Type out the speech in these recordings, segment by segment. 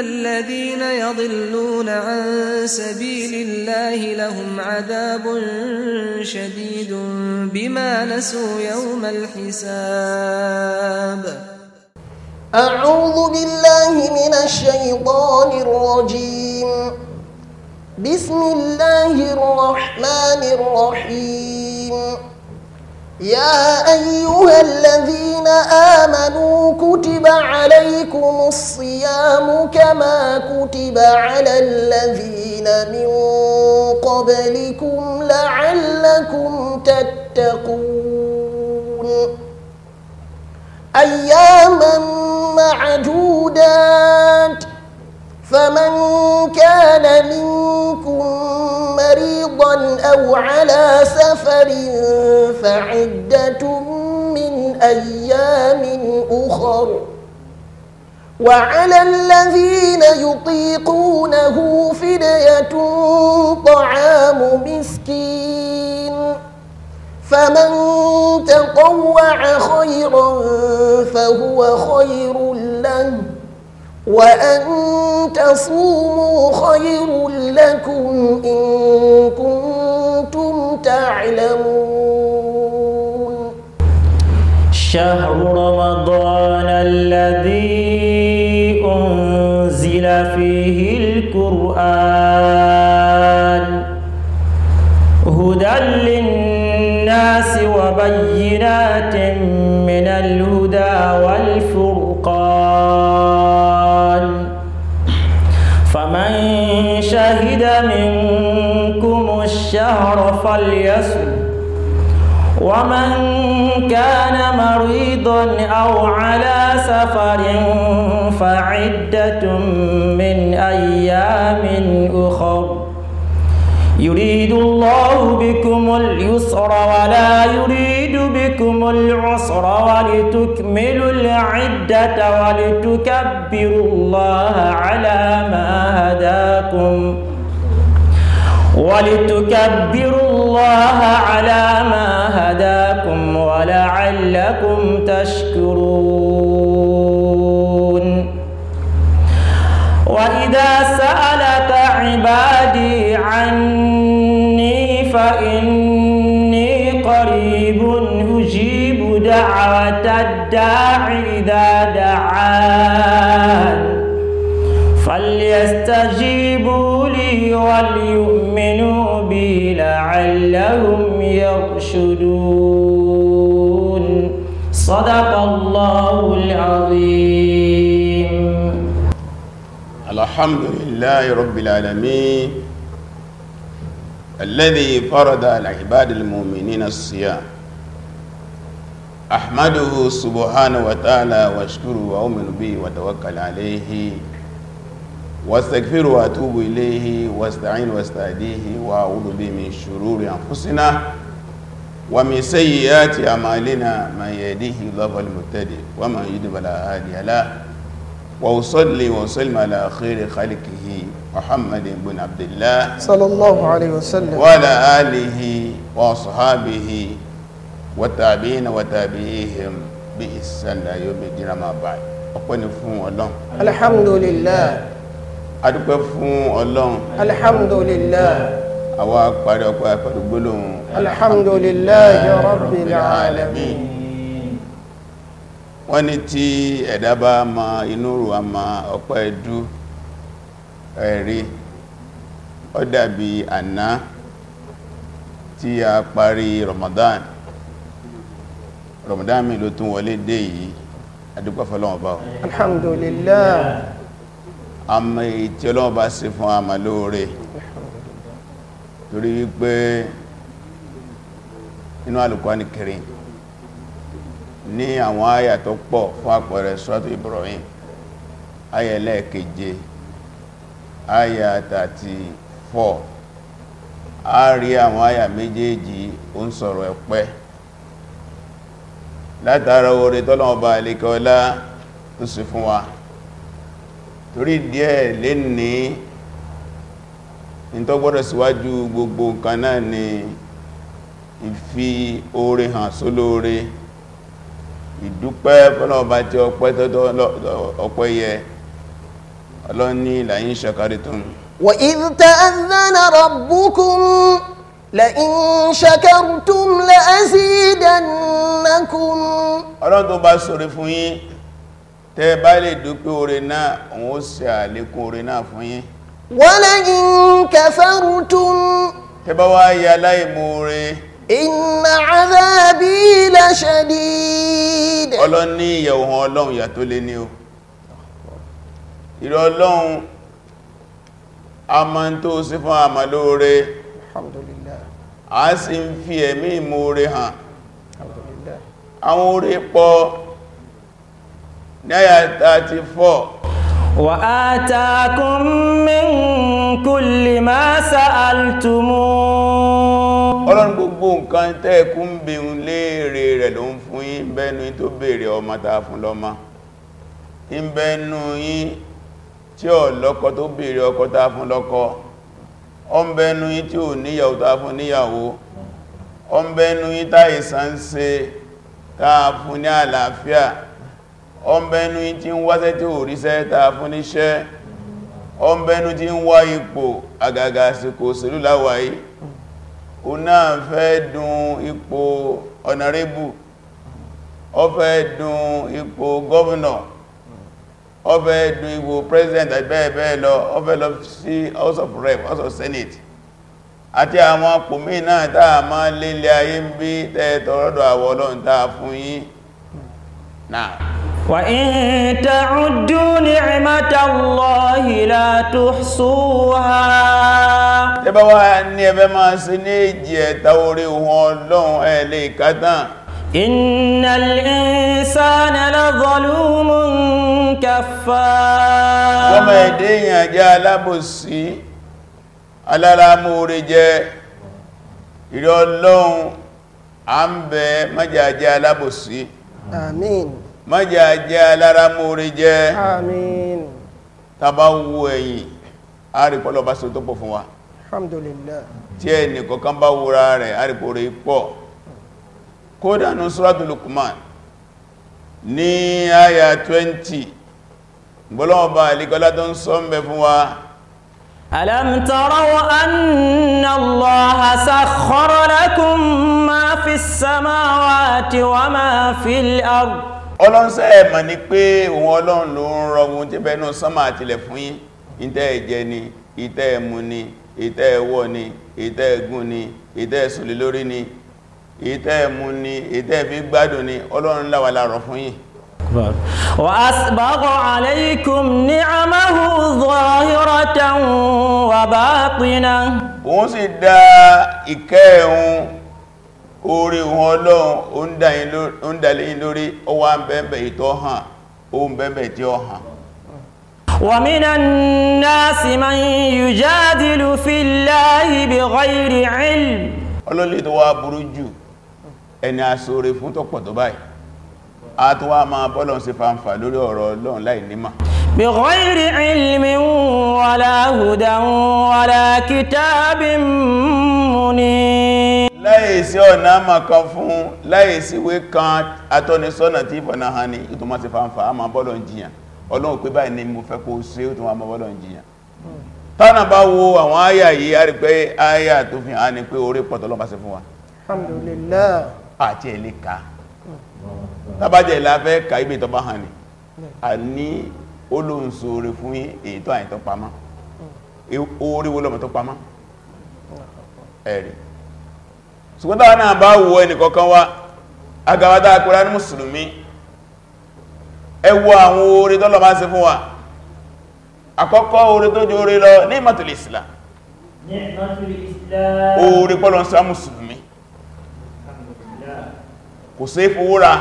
الذين يضلون عن سبيل الله لهم عذاب شديد بما نسوا يوم الحساب أعوذ بالله من الشيطان الرجيم بسم الله الرحمن الرحيم يا أيها عليكم الصيام كما كتب على الذين من قبلكم لعلكم تتقون أياما معدودات فمن كان منكم مريضا أو على سفر فعدة من أيام أخر وعلى الذين يطيقونه فدية طعام مسكين فمن تطوع خيرا فهو خير له وأن تصوموا خير لكم إن كنتم تعلمون شهر رمضان القرآن هدى للناس وبينات من الهدى والفرقان فمن شهد منكم الشهر فليسر ومن كان مريضا أو على سفر فعدة من يريد الله بكم اليسر ولا يريد بكم العسر ولتكملوا العدة ولتكبروا الله على ما هداكم ولتكبروا الله على ما هداكم ولعلكم تشكرون وإذا سألك عبادي عني فإني قريب أجيب دعوة الداع إذا دعان فليستجيبوا لي وليؤمنوا بي لعلهم يرشدون صدق الله العظيم الحمد لله رب العالمين الذي فرض على عباد المؤمنين الصيام أحمده سبحانه وتعالى واشكره وأؤمن به وتوكل عليه واستغفر واتوب اليه واستعين واستهديه واعوذ به من شرور انفسنا ومن سيئات اعمالنا من يهديه الله فالمهتدي ومن يضلل فلا هادي له وأصلي وسلم على خير خلقه محمد بن عبد الله صلى الله عليه وسلم وعلى آله وأصحابه والتابعين وتابعيهم بإحسان يوم الدين ما بعد ọpẹ́ ni fún Ọlọ́run alhamdulillah adúpẹ́ fún Ọlọ́run alhamdulillah àwa parí ọpẹ́ pẹ̀lú gbólóhùn alhamdulillah ya rabbil alamin wọ́n ní tí ẹ̀dá bá ma inú rù a ma ọ̀pọ̀ ẹ̀dú ẹ̀rí ó dàbí àná tí a parí Ramadan Ramadan mi ló tún wọlé dé yìí adúgbà fọ́lọ́wọ́n bá alhamdulillah àmì tí ọlọ́wọ́n bá ṣe fún àmà lóore torí wípé inú Al-Qur'an Karim ní àwọn àyà tó pọ̀ fún àpẹẹrẹ suratu Ibrahim àyà ẹlẹ́ẹ̀keje àyà 34 a rí àwọn àyà méjèèjì ó ń sọ̀rọ̀ ẹ̀pẹ́ látara oore tọ́lọ́ọ̀bá alékọ́lá tó sì fún wa torí díẹ̀ lè ní ní síwájú gbogbo nǹkan náà ni ìfi oore hàn sólóore so ìdúpẹ́ fọ́lọ́ọ̀bá tí ọpẹ́ tọ́tọ́ ọpẹ́ yẹ ọlọ́ni la'in shakartum wa idh ta'adhana rabbukum la'in shakartum tó bá sóre fún yín tẹ́ bá lè dúpẹ́ oore náà òun ó ṣe àlékún oore inna azabi lashadid ọlọ́run ní ìyẹ̀wò ọlọ́run ìyà tó lé ní o ìrọ̀ ọlọ́run a ma ń tó sí fún àmà lóore alhamdulillah a sì ń fi ẹ̀mí ìmúore hàn alhamdulillah àwọn orí pọ̀ ní àyà 34 وآتاكم من كل ما سألتموه gbogbo nǹkan tẹ́ẹ̀kú ń bí un léèrè rẹ̀ ló ń fún yín bẹ́nu yí tó bèèrè ọmọ ta fún lọ́mọ ń bẹ́nu yí tí lọ́kọ tó bèèrè ọkọ ta fún lọ́kọ ọ ń bẹ́nu yí tí ò níyàwó ta fún níyàwó ọ ń bẹ́nu yí táìsàn ń fún o náà fẹ́ dùn ipò ọ̀nàrébù ọ fẹ́ dùn ipò gọ́vùnà ọ fẹ́ dùn president bẹ́ẹ̀ bẹ́ẹ̀ lọ ọ fẹ́ sí house of rep house of senate àti àwọn pòmí náà táà máa lélẹ̀ ayé ń bí tẹ́ẹ̀tọ̀ rọ́dọ̀ àwọ̀ وإن تعدوا نعمة الله لا تحصوها ẹ bá wá ní ẹ fẹ́ máa ṣe ní èjì ẹ̀ta orí ohun ọlọ́run ẹ lè kátàn innal insana lazulumun kaffar ọmọ ẹ̀dẹ́ èyàn jẹ́ alábòsí aláramú orí jẹ́ ìrẹ́ ọlọ́run à ń bẹ májàjẹ́ alábòsí àmín májá jẹ́ alára mórí jẹ́ àmín tàbá wo ẹ̀yìn àrípọ̀lọ̀ bá ṣe tó pọ̀ fún wa alhamdulillah tí ẹni kọ̀kan bá wúra rẹ̀ àrípọ̀rẹ̀ pọ̀ kódà ní suratu Luqman ní àyà 20 gbọ́lọ́ọ̀bá àlíkọlá tó ń sọ ń fún wa ألم تروا أن الله سخر لكم ما في السماوات وما في الأرض ọlọ́nsẹ́ ẹ̀mà ni pé òun ọlọ́run ló ń rọrùn tí bẹ́nu sánmà àtìlẹ̀ fún yín ìtẹ́ ẹ̀jẹ ni ìtẹ́ ẹ̀mù ni ìtẹ́ ẹ̀wọ̀ ni ìtẹ́ ẹ̀gùn ni ìtẹ́ ẹ̀sùlẹ̀ lórí ni ìtẹ́ ẹ̀mù ni ìtẹ́ ẹ̀fí gbádùn ni ọlọ́run láwà orí wọn ọlọ́run ó ń dalẹ́yìn lórí ó wá ń bẹ̀ẹ̀bẹ̀ ìtọ́ hàn ó ń bẹ̀ẹ̀bẹ̀ tí ó hàn wa minan nasi man yujadilu fillahi bighayri ilm ọlọ́lẹ́ tó wá burú jù ẹni asóre fún tọ́pọ̀ tó báyìí a tó wá máa bọ́lọ̀n ṣe fanfà láìsí ọ̀nà àmàkan fún láìsí wé kan atọ́nisọ́nà tí ìfọ̀nà hàn ní ìtùmọ̀ sí fanfà a máa bọ́lọ̀ jiyàn ọlọ́run pé báyìí ni mo fẹ́ kó ṣe ó tún wà bọ́lọ̀ tánà bá wo àwọn àyà yìí a rí pé àyà tó fi hàn ní pé orí pọ̀tọ̀ lọ́pàá fún wa àti hàn ṣùgbọ́n táwọn náà bá wo ẹnìkọ̀ọ̀kan wa agawada akúrá ní mùsùlùmí ẹ wo àwọn oore tọ́lọ máa ṣe fún wa àkọ́kọ́ oore tó jóore lọ ní ìmọ̀tòlì ìsìlá oore pọ́lọ̀ sá mùsùlùmí kò sí fòwúra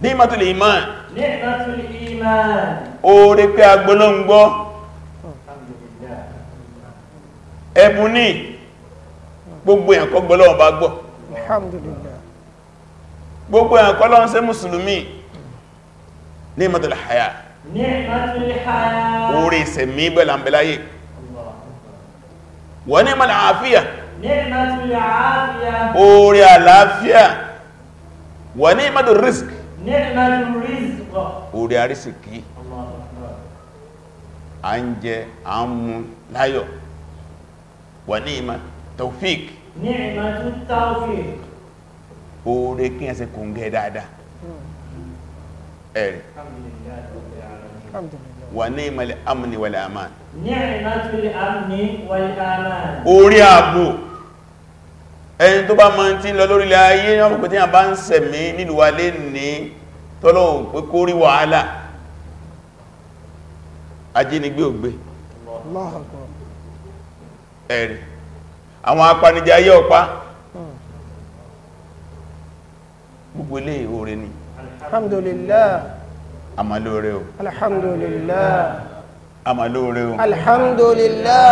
ní ìmọ̀tòlì ìmán oore pé agbọ́lọ́ngbọ́ ẹ̀bùn ní gbogbo ẹ̀kọ́ gbọ́lọ́wọ́ bá gbọ́ alhamdulillah gbogbo ẹ̀kọ́ lọ́n ṣe mùsùlùmí ní ìmọ̀tàlá àyà orí ìsẹ̀mí bẹ̀lá bẹ̀láyé wọ́n ní ìmọ̀lá àáfíà orí àlàáfíà wọ́n ní ìmọ̀tàlá risk orí àrísìkí à ń jẹ à ń mu láyọ̀ wọ́n ní ìmọ̀tàlá taufik ni'matu taufik oore kí ẹsẹ̀ kò ń gẹ́ dáadáa ẹ̀rì wà ní ìmọ̀lẹ̀ amni wal aman ni'matul amni wal aman orí ààbò ẹni tó bá mọ́ tí lọ lórílẹ̀ ayé ní ọ̀pọ̀ tí a ń sẹ̀mí nílùú wa lè ní tọ́lọ́hùn pé kó rí wàhálà ajínigbé ògbé ẹ̀rì àwọn apanijẹ ayé ọ̀pá gbogbo ilé ìhòrè ni alhamdulillah àmàlóore o alhamdulillah àmàlóore o alhamdulillah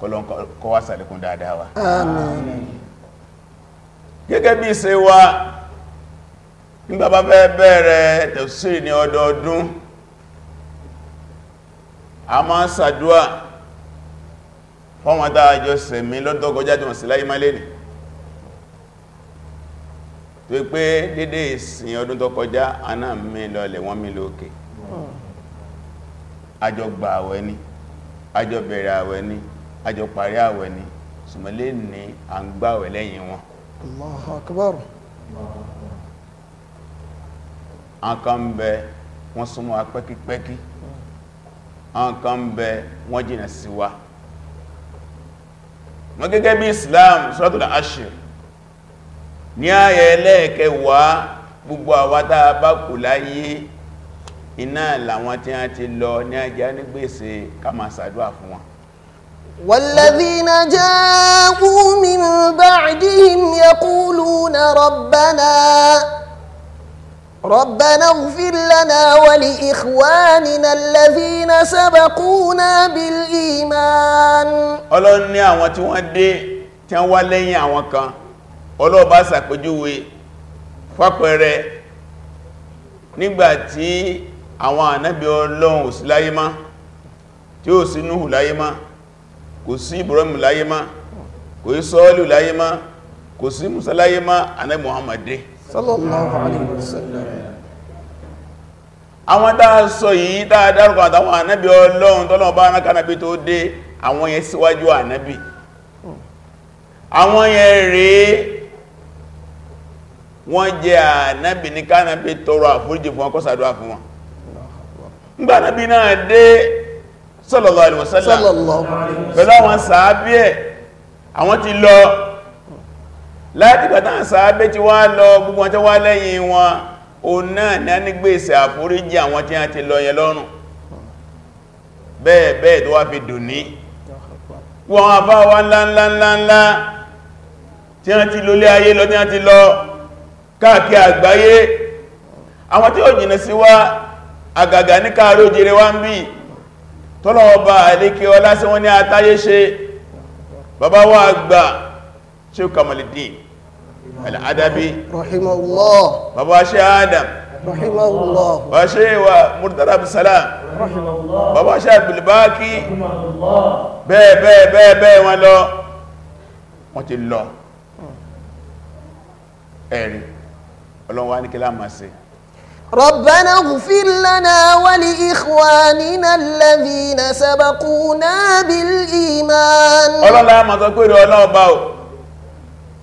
kọlọ́n kọwà sàlékún dáadáa wa àmín gẹ́gẹ́ bí ṣe wa nígbà bá fẹ́ ní ọdọọdún a máa ń ṣàdúà fọ́wọ́n tàà jọ sẹ̀mí lọ́dọ́gọjá jọ sí láyé máa lè nì tó pé dédé ìsìn ọdún tó kọjá aná mi lọlẹ̀ wọ́n mi lókè àjọ gbà àwẹ̀ ni àjọ bẹ̀rẹ̀ àwẹ̀ ni àjọ parí àwẹ̀ ni sùmọ́lé ní à ń gbàwẹ̀ lẹ́yìn wọn wọ́n súnmọ́ apẹ́kípẹ́kí nǹkan bẹ wọ́n jìnà sí wa wọ́n gẹ́gẹ́ bí Islam suratul Ashir ní ayẹ ẹlẹ́ẹ̀kẹwàá gbogbo àwátá bá kù láyé iná làwọn tí a ti lọ ní ajá ní gbèsè ká máa fún wọn والذين جاءوا من بعدهم يقولون ربنا ربنا اغفر لنا ولإخواننا الذين سبقونا بالإيمان Ọlọ́run ní àwọn tí wọ́n dé tí wọ́n wá lẹ́yìn àwọn kan Ọlọ́run bá ṣàpèjúwe fàpẹẹrẹ nígbàtí àwọn ànábì Ọlọ́run ò sí láyé mọ́ tí ó sí Núhù láyé mọ́ kò sí Ibrahim láyé mọ́ kò sí Sọ́ọ̀lù láyé mọ́ kò sí Musa láyé mọ́ ànábì Muhammad dé sallallahu alaihi àwọn dáa yìí dáa àtàwọn ànábì ọlọ́run tọ́lọ́run bá rán kánábì tó dé àwọn yẹn síwájú ànábì àwọn yẹn rèé wọ́n jẹ́ ànábì ní kánábì tọrọ àforíjì fún ọkọ́sàdúwà fún wọn nígbà ànábì náà dé sallallahu láti gbàtàn sàábé tí wá lọ gbogbo ọjọ́ wá lẹ́yìn wọn o náà ní a ní gbèsè àforíjì àwọn tí a ti lọ yẹ lọ́rùn bẹ́ẹ̀ bẹ́ẹ̀ tó wá fi dùn ní wọ́n àbá wá ńláńláńláńlá tí a ti lólé ayé lọ tí a ti lọ sheikh kamaluddin al'adabi rahimahullah bàbá sheikh adam rahimahullah bàbá sheikh wa murtala bisalam rahimahullah bàbá sheikh abdulbaki rahimahullah bẹ́ẹ̀ bẹ́ẹ̀ bẹ́ẹ̀ bẹ́ẹ̀ wọ́n lọ wọ́n ti lọ ẹ̀rí ọlọ́wọ́ ní kí láàmà sí ربنا اغفر لنا ولإخواننا الذين سبقونا بالإيمان ọlọ́lá ma sọ pé باو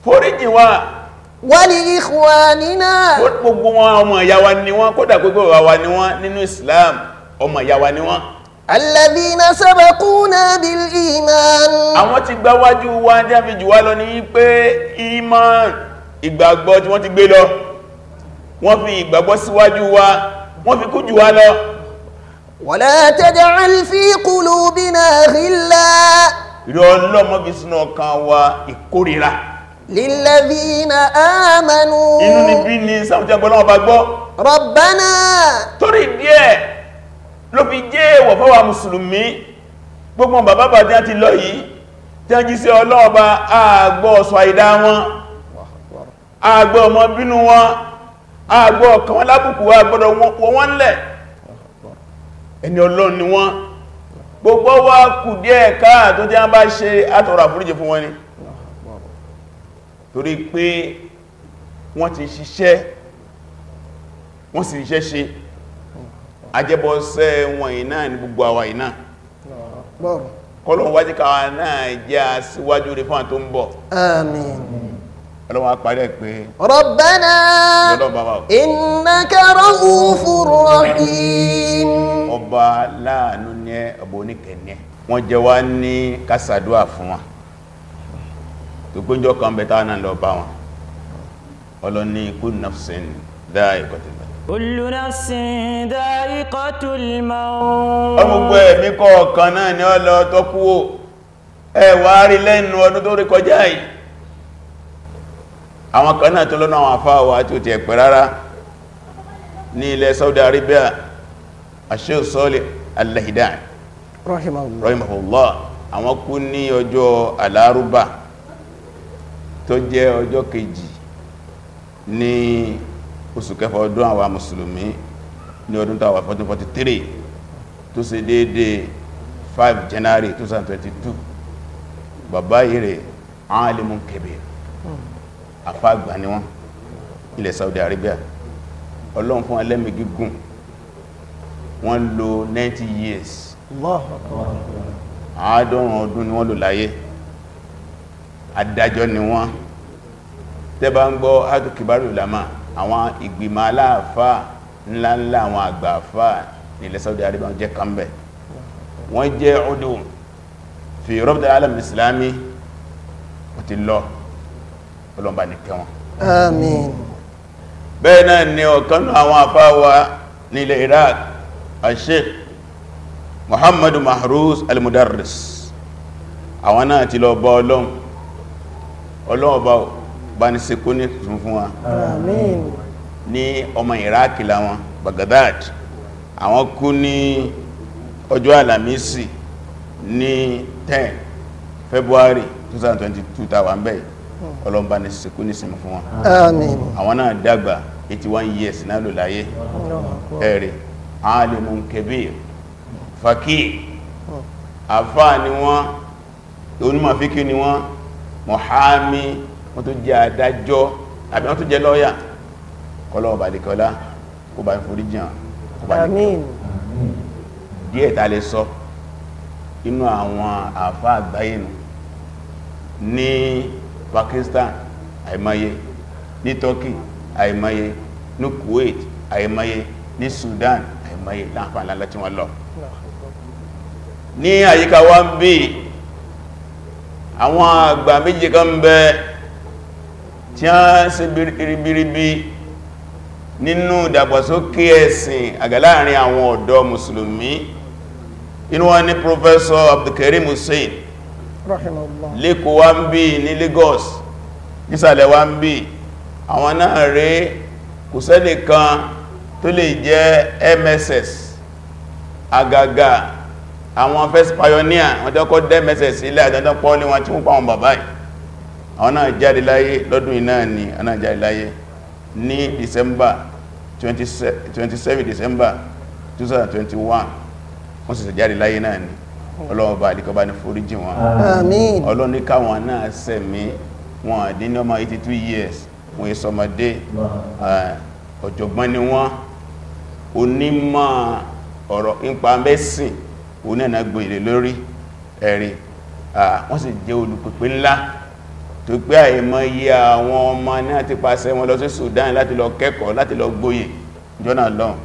foríjì wọn wali ikhwanina gbogbo wọn ọmọ ìyàwó ni wọ́n kódà gbogbo ìwàwà ni wọ́n nínú Islam ọmọ ìyàwó ni wọ́n alladhina sabaquna bil iman àwọn tí gba wájú wa ní àfijù wá lọ ní pé iman ìgbàgbọ́ tí wọ́n ti gbé lọ wọ́n fi ìgbàgbọ́ síwájú wa wọ́n fi kújù wá lọ wala taj'al fi qulubina ghilla ìrọ̀ ọlọ́mọ́ fi sínú ọkàn wa ìkórìíra lílẹ́bí na ámànú inú níbí ni sàmùjẹ́gbọ́n ọba gbọ́ rọ̀bánà torí díẹ̀ ló fi jẹ́ èèwọ̀ fáwa mùsùlùmí gbogbo bàbá bàbá tí a ti lọ yìí tí a jí sí ọlọ́ọ̀bá àgbọ́ ọ̀sọ̀ àìdá wọn àgbọ́ ọmọ bínú wọn àgbọ́ ọ̀kan wọn lábùkù àgbọ́dọ̀ wọn wọ́n lẹ̀ ẹni ọlọ́run ni wọ́n gbogbo wa kù díẹ̀ káà tó jẹ́ bá ṣe àtọ̀rọ̀ àforíjì fún wọn ni torí pé wọ́n ti ṣiṣẹ́ wọ́n sì ṣiṣẹ́ ṣe ajẹ́bọ́sẹ́ wọn iná ní gbogbo àwa iná kọlọ̀n wájí káwà náà jẹ́ síwájú rí fún àtó ń bọ̀ àmín ọlọ́wọ́ àpàdẹ̀ ra'ufur rahim ọba láàánú ní ọbọ̀ oníkẹ̀ ní wọ́n jẹ wá ní kásàdúà fún wọn tó gbóúnjọ́ kan bẹ̀tá náà lọ bá wọn ọlọ́ni kullu nafsin dha'iqatul maut kullu nafsin dha'iqatul maut ọmọgbọ́ ẹ̀mí kọ̀ọ̀kan náà ni ó lọ tó kú ẹ wá rí lẹ́nu ọdún tó rí kọjá yìí àwọn kan náà tó lọ́nà àwọn afáwà tí ó ẹ̀pẹ̀ rárá ní ilẹ̀ Saudi Arabia Sheikh Salih al rahimahullah àwọn kú ní ọjọ́ alárúbà tó jẹ́ ọjọ́ kejì ní oṣù kẹfà ọdún àwa mùsùlùmí ní ọdún tàwà 1443 tó ṣe déédé 5 January 2022 bàbá ìrẹ̀ alimun kebir àfáàgbà ni wọ́n ilẹ̀ Saudi Arabia ọlọ́run fún ẹlẹ́mì gígùn wọ́n lò 90 years àádọ́rùn ọdún ni wọ́n lò láyé adájọ́ ni wọ́n tẹ́bá ń gbọ́ adùkìbárò lámà àwọn ìgbìmọ̀ aláàfà ńláńlá àwọn àgbààfà nílẹ̀ Saudi Arabia jẹ́ kánbẹ̀ wọ́n jẹ́ ọdọ̀ fi rọ́bdà alam islami ó ti lọ ọlọ́mbà ní kẹwọn àmín bẹ́ẹ̀ náà ni ọ̀kan àwọn àfáwà nílẹ̀ Iraq al Muhammadu Mahruz al àwọn náà ti lọ bọ́ ọlọ́run ọlọ́wọ́ bá bá ní sekú ní tún fún wa ní ọmọ iraq láwọn Baghdad àwọn kú ní ọjọ́ alamisi ní 10 February 2022 tàwà ń bẹ̀ ọlọ́mbà ní sekú ní sinmi fún wa àmín àwọn náà dàgbà 81 years náà lò láyé ẹ̀rẹ̀ alimun kebir fakir hmm. àfáà ni wọ́n onímọ̀ ni wọ́n mọ̀hámi wọ́n tó jẹ́ adájọ́ àbí wọ́n tó jẹ́ lọ́yà kọlọ́wọ́ bàdìkọlá kó bá ń forí jìn kó bá àmín díẹ̀ ta lè sọ inú àwọn àfá àgbáyé nù ní Pakistan àìmọye ní Turkey àìmọye ní Kuwait àìmọye ní Sudan àìmọye láàpàá lálẹ́ tí wọ́n lọ ní àyíká wa bíi àwọn àgbà méjì kan bẹ tí a ń ṣe biribiribi nínú ìdàgbàsókè ẹ̀sìn àgàláàrin àwọn ọ̀dọ́ mùsùlùmí inú wọn ni Professor Abdulkarim Hussein lẹ́kọ̀ọ́ wá ń bí ní Lagos nísàlẹ̀ wá ń bí àwọn náà rí kò sẹ́lẹ̀ tó lè jẹ́ MSS àgàgà àwọn first pioneer wọ́n tí ó kọ́ dẹ́ mẹ́sẹ̀ sílẹ̀ àjọ́jọ́ pọ́lé wọn tí wọ́n pàwọn bàbá yìí àwọn náà jáde láyé lọ́dún iná ni àwọn náà jáde láyé ní December 27, 27 December 2021 wọ́n sì sì jáde láyé náà ni Ọlọ́run bá àdíkọba ní foríjì wọn àmín Ọlọ́run ní káwọn náà sẹ̀mí wọn àdín ní ọmọ 82 years wọ́n ìsọmọdé ọ̀jọ̀gbọ́n ni wọ́n onímọ̀ ọ̀rọ̀ nípa mẹ́sìn òun náà gbọ́n ilé lórí ẹ̀rí wọ́n sì jẹ́ olùpẹ̀pẹ̀ ńlá tó pé àìmọ́ iye àwọn ọmọ náà ti pàṣẹ wọn lọ sí Sudan láti lọ kẹ́kọ̀ọ́ láti lọ gbóyè jọ́nà lọ́n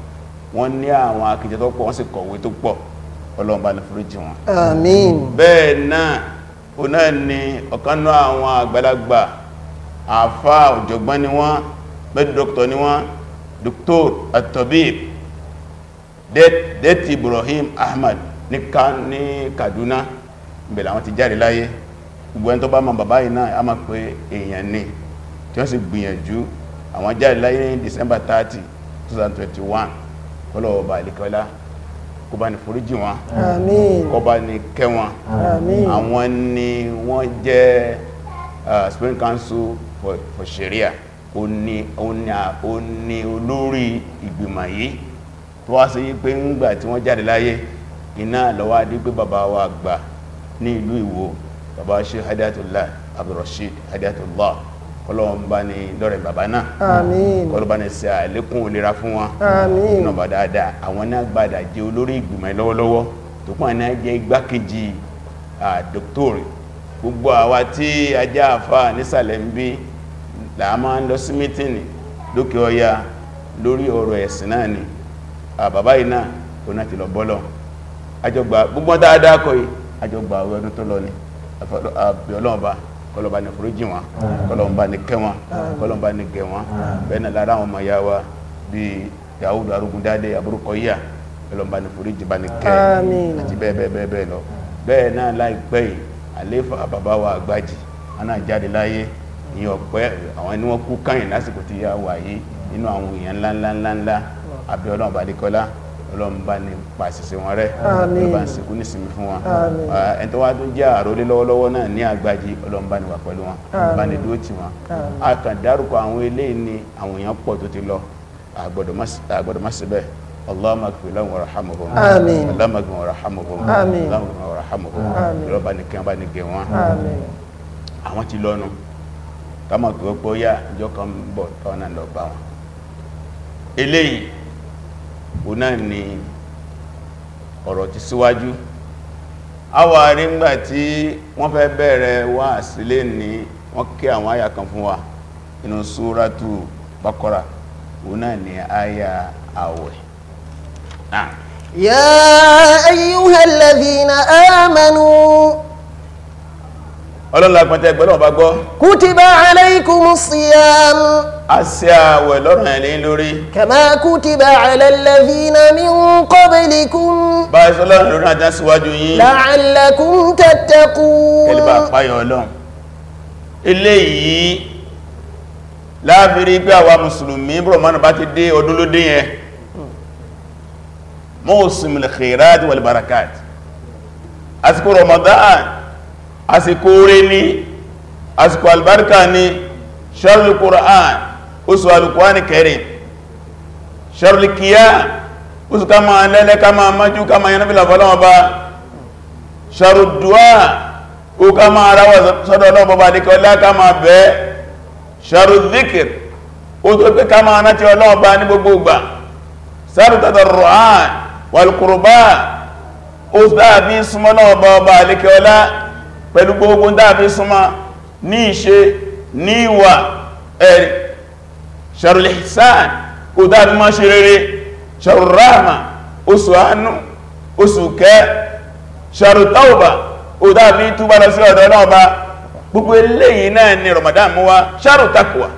wọ́n ní àwọn akẹjẹ tó pọ̀ wọ́n sì kọ̀wé tó pọ̀ Ọlọ́run bá ní foríjì Det Ibrahim Ahmad ní Kaduna ìbẹ̀lẹ̀ àwọn ti jáde láyé gbogbo ẹni tó bá ma bàbá yìí náà a máa pé èèyàn ní tí wọ́n sì gbìyànjú àwọn jáde láyé ní December 30 2021 kọ́lọ̀ ọba ìlẹ́kọ́lá kó bá ní foríjì wọn àmín kó bá ní kẹ́ wọn àwọn ni wọ́n jẹ́ Supreme Council for, for Sharia ó ní olórí ìgbìmọ̀ yìí tó wá sí pé ń gbà tí wọ́n jáde láyé iná lọ́wọ́ adégbé bàbá wa gbà ní ìlú Ìwó bàbá ṣe Hadiatullah Abdulrasheed Hadiatullah ọlọ́run bá ní lọ́rẹ̀ bàbá náà àmín ọlọ́run bá ní ṣe àlékún ìlera fún wọn àmín iná bá dáadáa àwọn náà gbàdà jẹ́ olórí ìgbìmọ̀ lọ́wọ́lọ́wọ́ tó pọ̀ náà jẹ́ igbákejì dókítọ̀rì gbogbo àwa tí ajá àfà nísàlẹ̀ ń bí làá máa ń lọ sí mítìnì lókè ọya lórí ọ̀rọ̀ ẹ̀sìn náà ni àbàbá yìí náà tó náà ti lọ bọ́lọ̀ àjọgbà gbogbo dáadáa kọ yìí àjọgbà àwọn ọdún tó lọ ní àbí ọlọ́ọ̀bá kọlọ̀bá ní foríjì wọn kọlọ̀bá ní kẹ́ wọn kọlọ̀bá ní bẹ́ẹ̀ náà lára àwọn ọmọ ya wa bí yahudu arugundáde aburukọ yíyà kọlọ̀bá ní foríjì bá ní kẹ́ àti bẹ́ẹ̀ bẹ́ẹ̀ bẹ́ẹ̀ bẹ́ẹ̀ lọ bẹ́ẹ̀ náà láìpẹ́ yìí àléfà bàbá wa àgbájì aná jáde láyé ní ọ̀pẹ́ àwọn ẹni wọ́n kú káyìn lásìkò tí yà wà yìí nínú àwọn èèyàn ńláńláńláńlá àbí ọlọ́ọ̀bá ọlọ́run bá ní pa àṣìṣe wọn rẹ̀ ọlọ́run bá ń sìnkú nísìmí fún wọn ẹni tó wá tó jẹ́ àròlé lọ́wọ́lọ́wọ́ náà ní àgbájí ọlọ́run bá wà pẹ̀lú wọn bá ní dúró tì wọn a kàn dárúkọ àwọn eléyìí ni àwọn èèyàn pọ̀ tó ti lọ àgbọ̀dọ̀ má síbẹ̀ اللهم اغفر لهم وارحمهم امين اللهم اغفر وارحمهم امين اللهم اغفر وارحمهم امين lọ bá ní kan bá ní gẹ̀ wọ́n àmín àwọn tí lọ́nu ká mọ̀ pé ó pọ̀ yá ìjọ kan bọ̀ tọ́nà lọ bá wọn eléyìí òun náà ni ọ̀rọ̀ ti síwájú awàrí ńgbà tí wọ́n fẹ́ bẹ̀rẹ̀ wá sílé ní wọ́n kí àwọn àyà kan fún wa inú súrátù Baqara òun náà ni àyà àwẹ̀ ọlọ́lápẹ́tẹ́ gbọ́lọ́ bá gbọ́ kútìbá aláìkúmù síyàm a sí àwẹ̀ lọ́rùn ẹ̀lẹ́ lórí kàmá kútìbá alẹ́lẹ́fínà ní kọ́bẹ̀lẹ́kún bá ṣọ́lọ́rùn lórí àjá síwájú yìí láàlẹ́kún tẹ́tẹ́kún kẹlẹ́bà páyọ̀ ọlọ́run eléyìí láàfírí pé àwa mùsùlùmí brọ̀mánù bá ti dé ọdún ló dé yẹn mọ́ọ̀sùmùl khairat wal àsìkò orí ní àsìkò albarka ní sharul Qur'an oṣù alùkùránì karim sharul qiyam oṣù ká máa lẹ́lẹ́ ká máa májú ká máa yanáfílà fọ́lọ́wọ́ bá sharud du'a ó ká máa ráwọ̀ sọ́dọ̀ ọlọ́pọ̀ bá ní kọlá ká máa bẹ́ sharud dhikr ó tó pé ká pẹ̀lú gbogbo dáàbí súnmọ́ ní ìṣe ní ìwà ẹ̀rì sharul ihsan kò dáàbí máa ṣe rere sharur rahma oṣù àánú oṣù kẹ́ sharut tauba ò dáàbí túbá lọ sí ọ̀dọ̀ ọlọ́ọ̀bá gbogbo eléyìí náà ni Ramadan mú wá sharut taqwa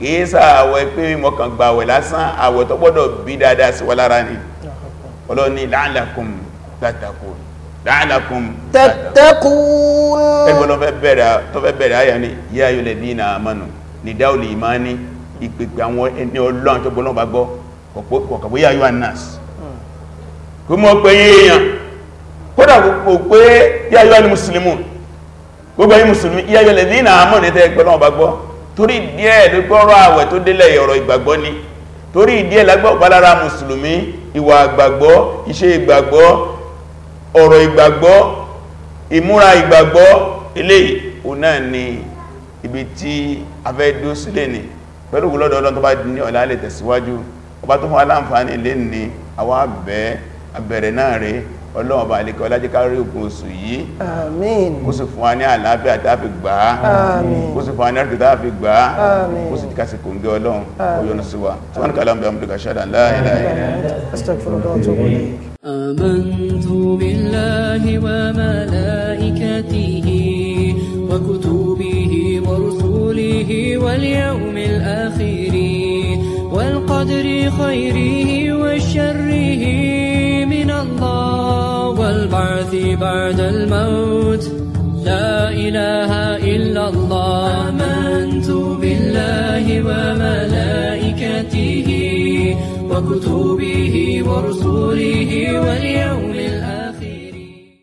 kìí sáàwẹ̀ pé mọ́kàn gbàwẹ̀ lásán àwẹ̀ tó gbọ́dọ̀ bí dáadáa sí wa lára ní ọlọ́ni láàlákùn tàtàkù láàlákùn tàtàkù ẹgbọ́n tó fẹ́ bẹ̀rẹ̀ àyà ní yóò lè bí na àmànù ní dáòlì ìmáni ìpèpè àwọn ẹni ọlọ́run tó gbọ́lọ́ gbọ́ kọ̀kọ̀bó yá yóò anas kú mọ́ pé yíyàn kódà kò pé yá yóò ni mùsùlùmù gbogbo yí na àmànù ní tẹ́ gbọ́lọ́ gbọ́ torí ìdí ẹ̀ ló gbọ́rọ̀ àwẹ̀ tó délẹ̀ ọ̀rọ̀ ìgbàgbọ́ ni torí ìdí ẹ̀ lágbàgbọ́ lára mùsùlùmí ìwà ìgbàgbọ́ iṣẹ́ ìgbàgbọ́ ọ̀rọ̀ ìgbàgbọ́ ìmúra ìgbàgbọ́ ilé ọ̀nà ni ibi tí a fẹ́ dó sílẹ̀ ni pẹ̀lú gúlọ́dọ̀ ọlọ́n tó ọlọ́run ọba àlekẹ́ ọlájẹ́kárí ògùn oṣù yìí àmín sì fún wa ní àlàáfíà tàbí gbà á àmín sì fún wa ní àrùkù tàbí gbà á àmín sì kásì kò ń gẹ ọlọ́run oyún sí wa tí wọ́n ní kàlọ́ خيره وشره الحياة بعد الموت لا إله إلا الله آمنت بالله وملائكته وكتبه ورسله واليوم